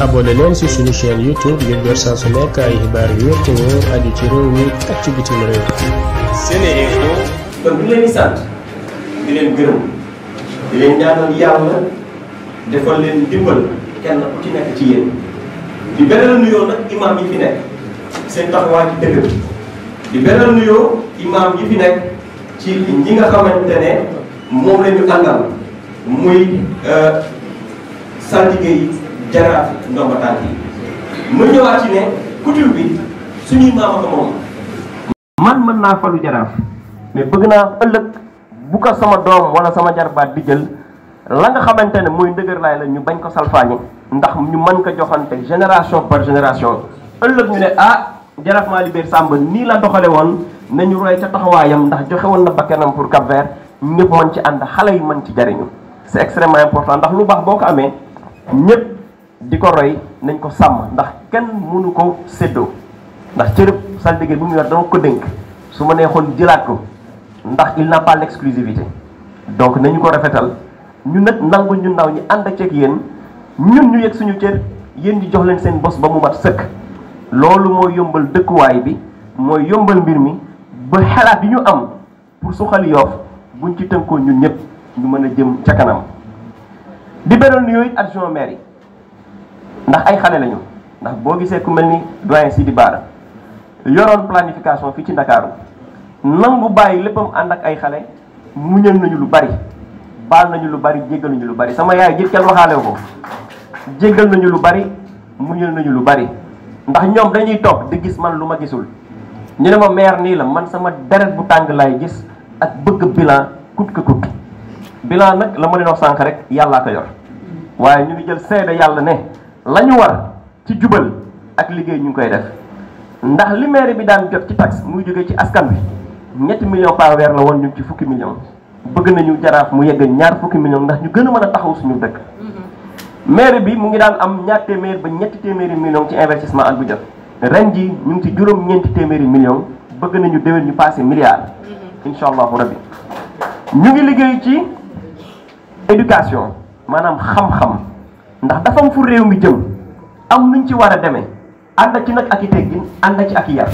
abonné leen ci suñu chaîne YouTube ngir jot saa su nekk xibaar yu wér te ci réew mi ak ci bitim réew. SeneInfo kon di leen di sant di leen gërëm leen ñaanal yàlla defal leen dimbal kenn ku ci nekk ci yéen di beral nuyoo nag imaam yi fi nekk seen taxawaay ci dëgg bi di beral nuyoo imaam yi fi nekk ci ñi nga xamante ne moom la ñu àndal muy euh, saltige yi. jaraaf ndomba tànk yi. mu ñëwaat ci ne coutume bi suñuy maam ak moom. man mën naa falu jaraaf mais bëgg naa ëllëg bu ko sama doom wala sama jarbaat di jël la nga xamante ne mooy ndëgërlaay la ñu bañ ko salfaañi ndax ñu mën ko joxante génération par génération ëllëg ñu ne ah jaraaf maa libéer Samba nii la doxale woon nañu roy ca taxawaayam ndax joxe woon na bakkanam pour Cap Vert ñëpp mën ci ànd xale yi mën ci jariñu c'est extrêmement important ndax lu baax boo amee ñëpp di ko roy nañ ko sàmm ndax kenn mënu ko séddoo ndax cërëb saltige bu mu yor dama ko dénk su ma neexoon jëlaat ko ndax il n'a pas l'exclusivité donc nañu ko rafetal ñu nag nangu ñu ndaw ñi ànd ak ceeg yéen ñun ñu yëg suñu cër yéen di jox leen seen bos ba mu mat sëkk loolu mooy yombal dëkkuwaay bi mooy yombal mbir mi ba xalaat yi ñu am pour suxali Yoff buñ ci tënkoo ñun ñëpp ñu mën a jëm ca kanam di beral yooyu it adjoint maire yi ndax ay xale lañu ndax boo gisee ku mel ni doyen Sidi Bara yoroon planification fii ci Ndakaaru bu bàyyi léppam ànd ak ay xale muñal nañu lu bari baal nañu lu bari jéggal nañu lu bari sama yaay jit kenn waxaale ko jéggal nañu lu bari muñal nañu lu bari ndax ñoom dañuy toog di gis man lu ma gisul ñu ne ma meer nii la man sama deret bu tàng laay gis ak bëgg bilan kut ka kut bilan nag la ma leen wax sànq rek yàllaa ko yor waaye ñu ngi jël seede yàlla ne la ñu war ci jubal ak liggéey ñu ngi koy def ndax li maire bi daan jot ci taxe muy jóge ci askan bi ñetti million par weer la woon ñu ci fukki million bëgg nañu jaraaf mu yegg ñaar fukki million ndax ñu gën a mën a taxaw suñu dëkk mm-hmm. maire bi mu ngi daan am ñaar téeméer ba ñetti téeméeri million ci investissement ak bu jot ren ji ñu ngi ci juróom ñeenti téeméeri million bëgg nañu déwén ñu passé milliard mm-hmm. insha allahu rabbi ñu ngi liggéey ci éducation maanaam xam ndax dafa am fu réew mi jëm am nuñ ci war a demee ànd ci nag ak i teggin ànd ci ak i yar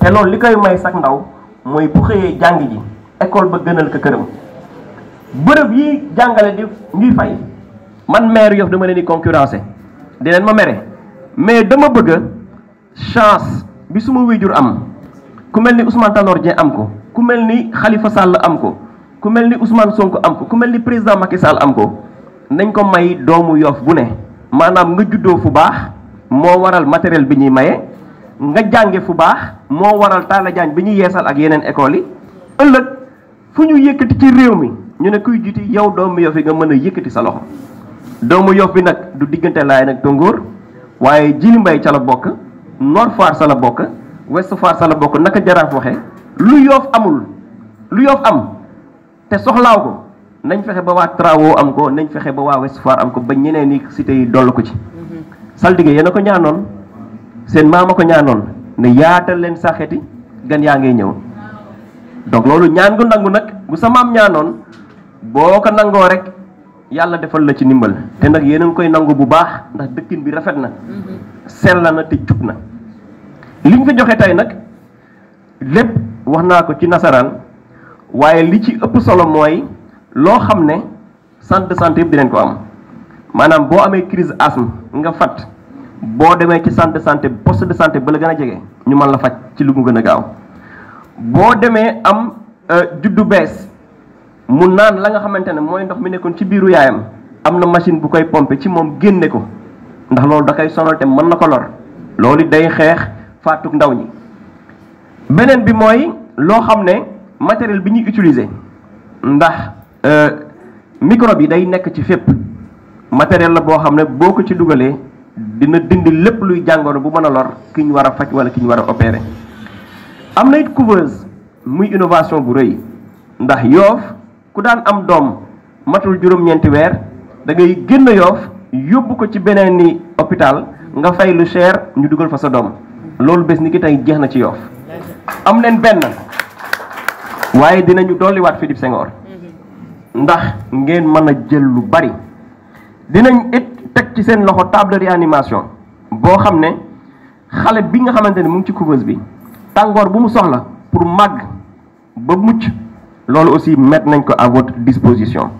te loolu li koy may sax ndaw mooy bu xëyee jàng ji école ba gënal ko këram bërëb yi jàngale di ñuy fay man maire Yoff dama leen di concurrencé di ma mere mais dama bëgg chance bi suma wéjur am ku mel ni Ousmane Tanor jee am ko ku mel ni xalifa sàll am ko ku mel ni Ousmane sonk am ko ku mel ni président Macky Sall am ko nañ ko may doomu yoof bu ne maanaam nga juddoo fu baax moo waral matériel bi ñuy maye nga jànge fu baax moo waral taala jaañ bi ñuy yeesal ak yeneen école yi ëllëg fu ñu yëkkati ci réew mi ñu ne kuy jiiti yow doomu yoof yi nga mën a yëkkati sa loxo doomu yoof bi nag du diggante laay nag tóngóor waaye jili mbay ca la bokk Nord Foire sa la bokk Ouest Foire sa la bokk naka jaraaf waxe lu yoof amul lu yoof am te soxlaaw ko nañ fexe ba waa Travo am ko nañ fexe ba waa Ouest Foire am ko ba ñeneen i cité tey dollu ko ci. Mm-hmm. saltige yéen a ko ñaanoon seen maama ko ñaanoon ne yaatal leen saxeti gan yaa ngay ñëw donc loolu ñaan gu nangu nag bu sa maam ñaanoon boo ko nangoo rek yàlla defal la ci ndimbal te nag yéen a ngi koy nangu bu baax ndax dëkkin bi rafet na mm-hmm. sell na te jub na liñ fi joxe tey nag lépp wax naa ko ci nasaraan waaye li ci ëpp solo mooy. loo xam ne centre de santé yëpp dinañ ko am maanaam boo amee crise asthme nga fat boo demee ci centre de santé poste de santé ba la gën a jege ñu man la faj ci lu mu gën a gaaw boo demee am euh, juddu bees mu naan la nga xamante ne mooy ndox mi nekkoon ci biiru yaayam am na machine bu koy pomper ci moom génne ko ndax loolu da koy sonal te mën na ko lor loolu day xeex faatuk ndaw ñi beneen bi mooy loo xam ne matériel bi ñuy utiliser ndax Euh, microbe yi day nekk ci fépp matériel la boo xam ne boo ko ci dugalee dina dindi lépp luy jàngoro bu mën a lor ki ñu war a faj wala ki ñu war a opérer am na it couveuse muy innovation bu rëy ndax yoof ku daan am doom matul juróom-ñeenti weer da ngay génn yoof yóbbu ko ci beneen ni hôpital nga fay lu cher ñu dugal fa sa doom loolu bés ni ki tey jeex na ci yoof am leen benn waaye dinañu dolliwaat Philippe Senghor ndax ngeen mën a jël lu bari dinañ it teg ci seen loxo table réanimation boo xam ne xale bi nga xamante ne mu ngi ci couveuse bi tàngoor bu mu soxla pour màgg ba mucc loolu aussi met nañ ko à votre disposition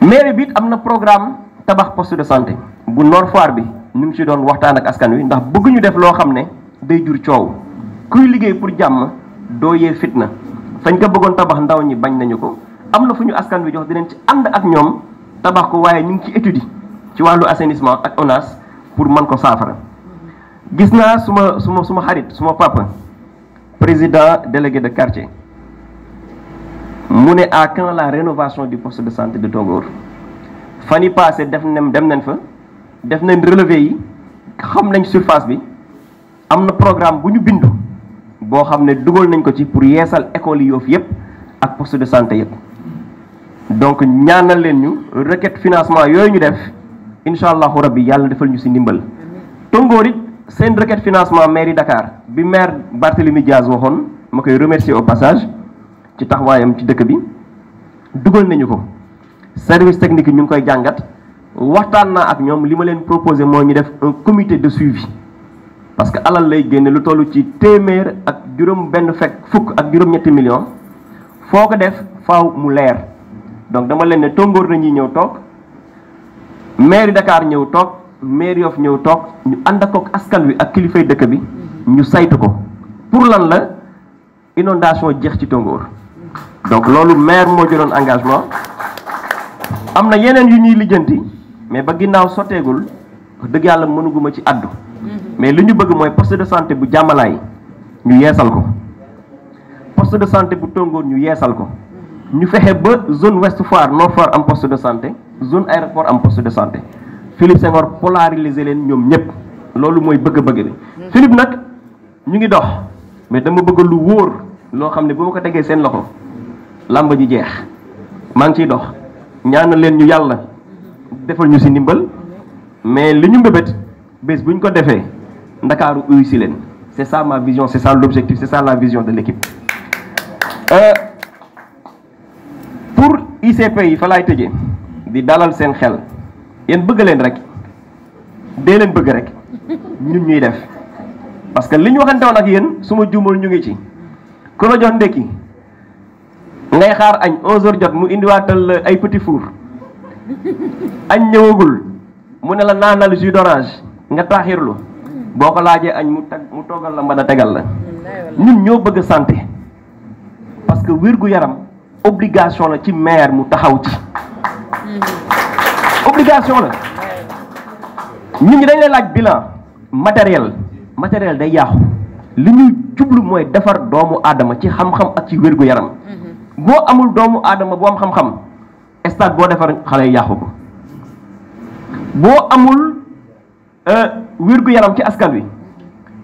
mairie bi it am na programme tabax post de santé bu Nord Foire bi ñu ngi ci doon waxtaan ak askan wi ndax bëgguñu def loo xam ne day jur coow kuy liggéey pour jàmm doo yee fitna fañ ko bëggoon tabax ndaw ñi bañ nañu ko am na fu ñu askan bi jox dinañ ci ànd ak ñoom tabax ko waaye ñu ngi ci étude ci wàllu assainissement ak ONAS pour man ko saafara gis naa suma suma suma xarit suma papa président délégué de quartier mu ne à quand la rénovation du poste de santé de Tongoor fan yi passé def nañ dem nañ fa def nañ relevé yi xam nañ surface bi am na programme bu ñu bindu boo xam ne dugal nañ ko ci pour yeesal école yi yoofu yépp ak poste de santé yépp donc ñaanal leen ñu requête financement yooyu ñu def incha allahu rabbi yàlla defal ñu si ndimbal tongoor it seen requête financement yi dakaar bi maire Barthélemy Diaz waxoon ma koy remercier au passage ci taxawaayam ci dëkk bi dugal nañu ko service technique ñu ngi koy jàngat waxtaan naa ak ñoom li ma leen proposé moo ñu def un comité de suivi parce que alal lay génne lu toll ci téeméer ak juróom benn fekk fukk ak juróom-ñetti millions foo ko def faaw mu leer donc dama leen ne tóngoor na ñëw toog maire dakaar ñëw toog maire Yoff ñëw toog ñu ànd akook askan wi ak kilifay dëkk bi ñu saytu ko pour lan la inondation jeex ci tóngoor donc loolu maire moo jëloon engagement am na yeneen yu ñuy lijjanti mais ba ginnaaw sotteegul dëgg yàlla mënuguma ci àddu mm-hmm. mais li ñu bëgg mooy poste de santé bu jàmmalaay ñu yeesal ko poste de santé bu tongoor ñu yeesal ko ñu fexe ba zone Ouest Foire Nord Foire am poste de santé zone aéroport am poste de santé Philippe Senghor polariser leen ñoom ñëpp loolu mooy bëgg-bëgg bi. Hmm. Philippe nag ñu ngi dox mais dama bëgg lu wóor loo xam ne bu ma ko tegee seen loxo làmb ji jeex maa ngi ciy dox ñaanal leen ñu yàlla defal ñu si ndimbal mais li ñu mbébét bis bu ñu ko defee ndakaaru uyu si leen c'est ça ma vision c'est ça l'objectif c'est ça la vision de l'équipe. Euh, ICP yi fa laay tëjee di dalal seen xel yéen bëgg leen rek dee leen bëgg rek ñun ñuy def parce que li ñu waxante woon ak yéen suma ma ñu ngi ci ku la jox ndekki ngay xaar añ 11 jot mu indiwaatal ay petit four añ ñëwagul mu ne la naanal jus d'orange nga taaxirlu boo ko laajee añ mu tag mu toggal la mën a tegal la ñun ñoo bëgg santé parce que gu yaram. obligation la ci maire mu taxaw ci obligation la nit ñi dañ lay laaj bilan matériel matériel day yàqu li ñuy jublu mooy defar doomu aadama ci xam-xam ak ci wérgu yaram boo amul doomu aadama boo am xam-xam stade boo defar xale yàqu ko boo amul euh, wérgu yaram ci askan wi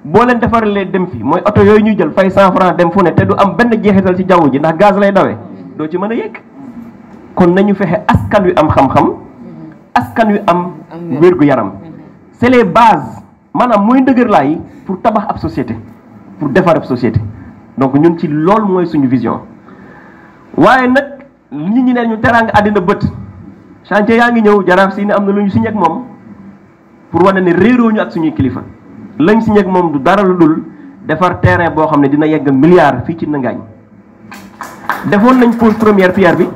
boo leen defaralee dem fi mooy oto yooyu ñuy jël fay cent franc dem fu ne te du am benn jeexital ci jaww ji ndax gaz lay dawee doo ci mën a yegg kon nañu fexe askan wi am xam-xam askan wi am wér-gu-yaram c'est les bases maanaam mooy ndëgërlaay pour tabax ab société pour defar ab société donc ñun ci loolu mooy suñu vision waaye nag nit ñu ne ñu teraanga àddina bët chantier yaa ngi ñëw jaraaf si ne am na lu ñu si ak moom pour wane ne réeroo ñu ak suñuy kilifa lañ si ak moom du dara lu dul defar terrain boo xam ne dina yegg milliard fii ci Ndangaañ defoon nañ pose première pierre bi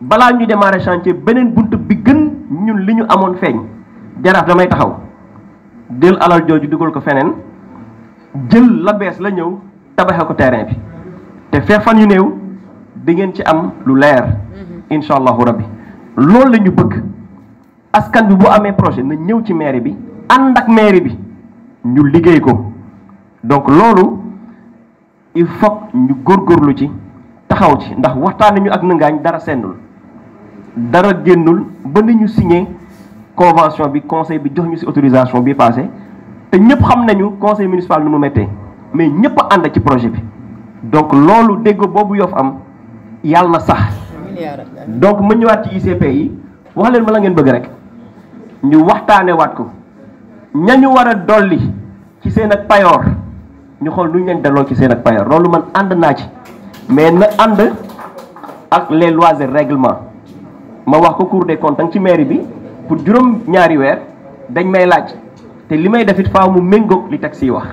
balaa ñuy démarrer chantier beneen bunt bi gën ñun li ñu amoon feeñ jaraaf damay taxaw jël alal jooju dugal ko feneen jël la bees la ñëw tabaxe ko terrain bi te fee fan yu néew di ngeen ci am lu leer mhm. incha allahu rabbi loolu lañu ñu bëgg askan bi bu amee projet na ñëw ci mairie bi ànd ak mairie bi ñu liggéey ko donc loolu il faut ñu góor góorlu ci taxaw ci ndax waxtaanee ñu ak Ndingaañ dara sendul dara génnul ba ni ñu signé convention bi conseil bi jox ñu ci autorisation bi passé te ñëpp xam nañu conseil municipal nu mu méttee mais ñëpp a ànd ci projet bi. donc loolu dégg boobu Yoff am yàlla na sax donc ma ñëwaat ci ICP yi wax leen ma la ngeen bëgg rek ñu waxtaanee waat ko ñañu war a dolli ci seen ak payoor ñu xool lu ñu leen delloo ci seen ak payoor loolu man ànd naa ci. mais na ànd ak les lois et règlements ma wax ko cour des comptes ci mairie bi pour juróom ñaari weer dañ may laaj te li may def it faaw mu méngoog li tax yi wax.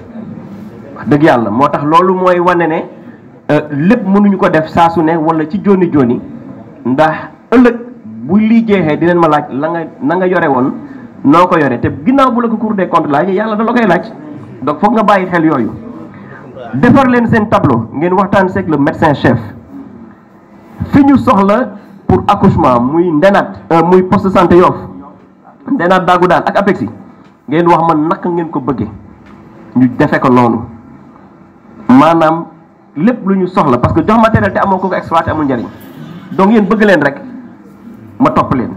dëgg yàlla moo tax loolu mooy wane ne euh, lépp mënuñu ko def saa su ne wala ci joni joni ndax ëllëg bu lii jeexee dinañ ma laaj la nga na nga yore woon noo ko yore te ginnaaw bu la ko cour des comptes laaj yàlla da la koy laaj donc foog nga bàyyi xel yooyu. defar leen seen tableau ngeen waxtaan seeg le médecin chef fi ñu soxla pour accouchement muy ndenaat euh, muy poste santé Yoff ndenaat daagu daal ak abexi ngeen wax ma naka ngeen ko bëggee ñu defe ko noonu maanaam lépp lu ñu soxla parce que jox matériel te amoo ko ko exploité amul njariñ donc yéen bëgg leen rek ma topp leen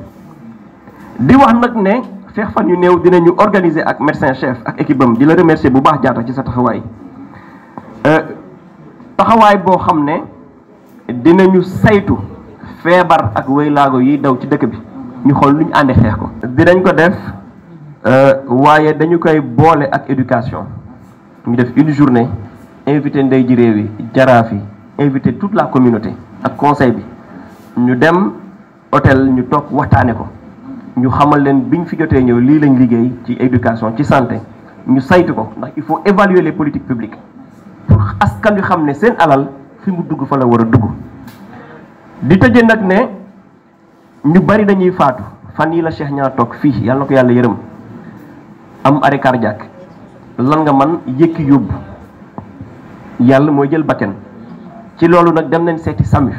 di wax nag ne feex fan yu néew dinañu organiser ak médecin chef ak équipe am di la remercier bu baax jaata ci sa taxawaay taxawaay boo xam ne dinañu saytu feebar ak laago yiy daw ci dëkk bi ñu xool lu ànd xeex ko. dinañ ko def euh, waaye dañu koy boole ak éducation ñu def une journée invité ndey ji réew yi jaraaf yi invité tout la communauté ak conseil bi ñu dem hôtel ñu toog waxtaane ko ñu xamal leen biñ fi jotee ñëw lii lañu liggéey ci éducation ci santé ñu saytu ko ndax il faut évaluer les politiques publiques. pour askan wi xam ne seen alal fi mu dugg fa la war a dugg di tëje nag ne ñu bari dañuy faatu fan yi la Cheikh ñaa toog fii yàlla na ko yàlla yërëm am arrêt cardiaque lan nga man yëkki yóbbu yàlla mooy jël bakken ci loolu nag dem nañ seeti SAMU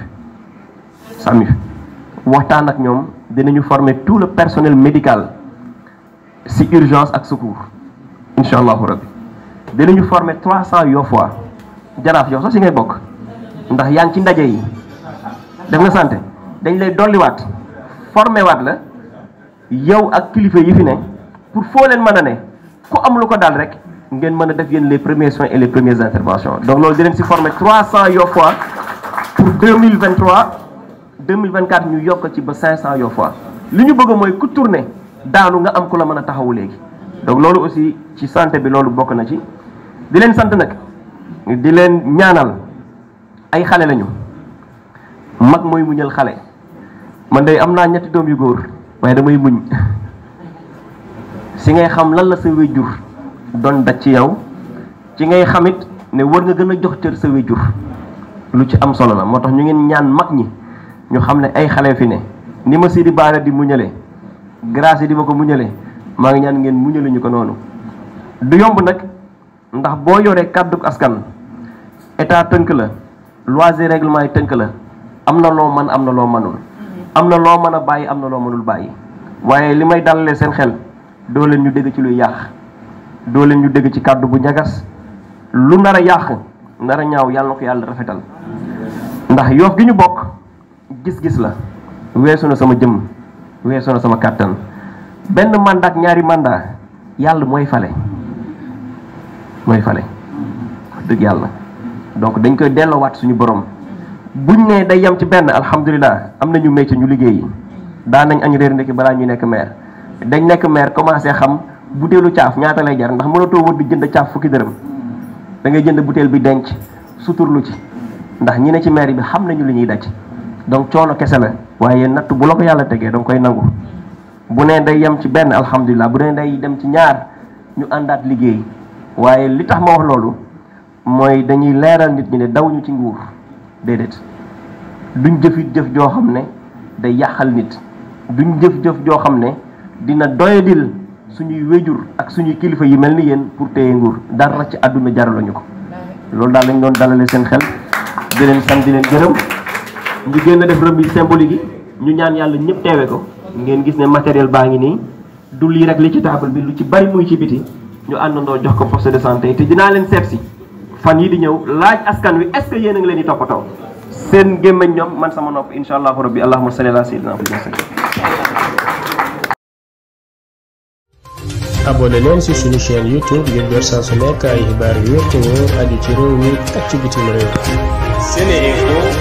SAMU waxtaan ak ñoom dinañu former tout le personnel médical si urgence ak secours incha allahu rabbi dinañu former trois cent yoo fois jaraaf yow sax si ngay bokk ndax yaa ngi ci ndaje yi def nga santé dañ lay dolliwaat formé waat la yow ak kilifa yi fi ne pour foo leen mën a ne ku am lu ko daal rek ngeen mën a def yéen les premiers soins et les premières interventions donc loolu dinañ si former 300 yoo fois pour 2023 2024 ñu yokk ci ba cinq 500 yoo fois li ñu bëgg mooy ku tourné daanu nga am ku la mën a taxawu léegi donc loolu aussi ci santé bi loolu bokk na ci di leen sant nag. di leen ñaanal ay xale lañu mag mooy muñal xale man day am naa ñetti doom yu góor waaye damay muñ si ngay xam lan la sa wéjjur doon daj ci yow ci ngay xamit ne war nga gën a jox cër sa wéjjur lu ci am solo la moo tax ñu ngeen ñaan mag ñi ñu xam ne ay xale fi ne ni ma Sidi Bara di muñale grâce yi di ma ko muñale maa ngi ñaan ngeen muñale ñu ko noonu du yomb nag ndax boo yoree kàddu askan état tënk la lois et yi tënk la am na loo man am na loo mënul am na loo mën a bàyyi am na loo mënul bàyyi waaye li may dalalee seen xel doo leen ñu dégg ci luy yàq doo leen ñu dégg ci kàddu bu ñagas lu nar a yàq nar a ñaaw yàlla na ko yàlla rafetal ndax yoof gi ñu bokk gis-gis la weesu na sama jëm weesu na sama kàttan benn mandat ñaari mandat yàlla mooy fale mooy fale dëgg yàlla donc dañ koy delloowaat suñu borom buñ nee day yem ci benn alhamdulilah am na ñu métier ñu liggéey daan nañ añ réer ndekki balaa ñu nekk maire dañ nekk maire commencé xam butéelu caaf ñaata lay jar ndax mënatoo wër di jënd caaf fukki dërëm da ngay jënd butéel bi denc suturlu ci ndax ñi ne ci maire bi xam nañu li ñuy daj donc coono kese la waaye natt bu la ko yàlla tegee danga koy nangu bu ne day yem ci benn alhamdulilah bu dee day dem ci ñaar ñu àndaat liggéey waaye li tax ma loolu. mooy dañuy leeral nit ñi ne daw ñu ci nguur déedéet duñ jëfit jëf joo xam ne day yàqal nit duñ jëf-jëf joo xam ne dina doyadil suñuy wéjur ak suñuy kilifa yi mel ni yéen pour téye nguur dara ci àdduna jaraluñu ko loolu daal lañ doon dalale seen xel di leen sant di leen gërëm ñu génn def remise symbolique yi ñu ñaan yàlla ñëpp teewe ko ngeen gis ne matériel baa ngi nii dul lii rek li ci table bi lu ci bari muy ci biti ñu àndandoo jox ko poste de santé te dinaa leen seet si fan yi di ñëw laaj askan wi est-ce que yéen a ngi leen di toppatoo seen gémmañ ñoom man sama nopp insha allahu rabbi allahumma salli ala sayyidina abonné leen ci suñu chaîne youtube ngir yu wér réew mi ak ci